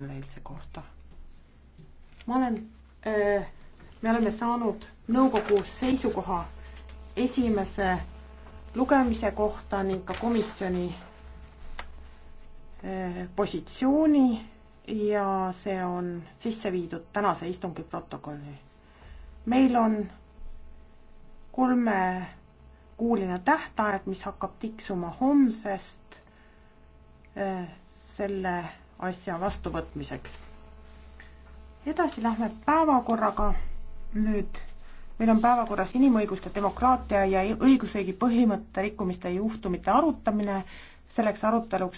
eilse kohta. ma olen, äh, me oleme saanud nõukogu seisukoha esimese lugemise kohta ning ka komisjoni äh, positsiooni ja see on sisse viidud tänase istungi protokolli. meil on kolmekuuline tähtaeg, mis hakkab tiksuma homsest äh, selle asja vastuvõtmiseks. edasi lähme päevakorraga nüüd meil on päevakorras inimõiguste, demokraatia ja õigusriigi põhimõtte rikkumiste juhtumite arutamine, selleks aruteluks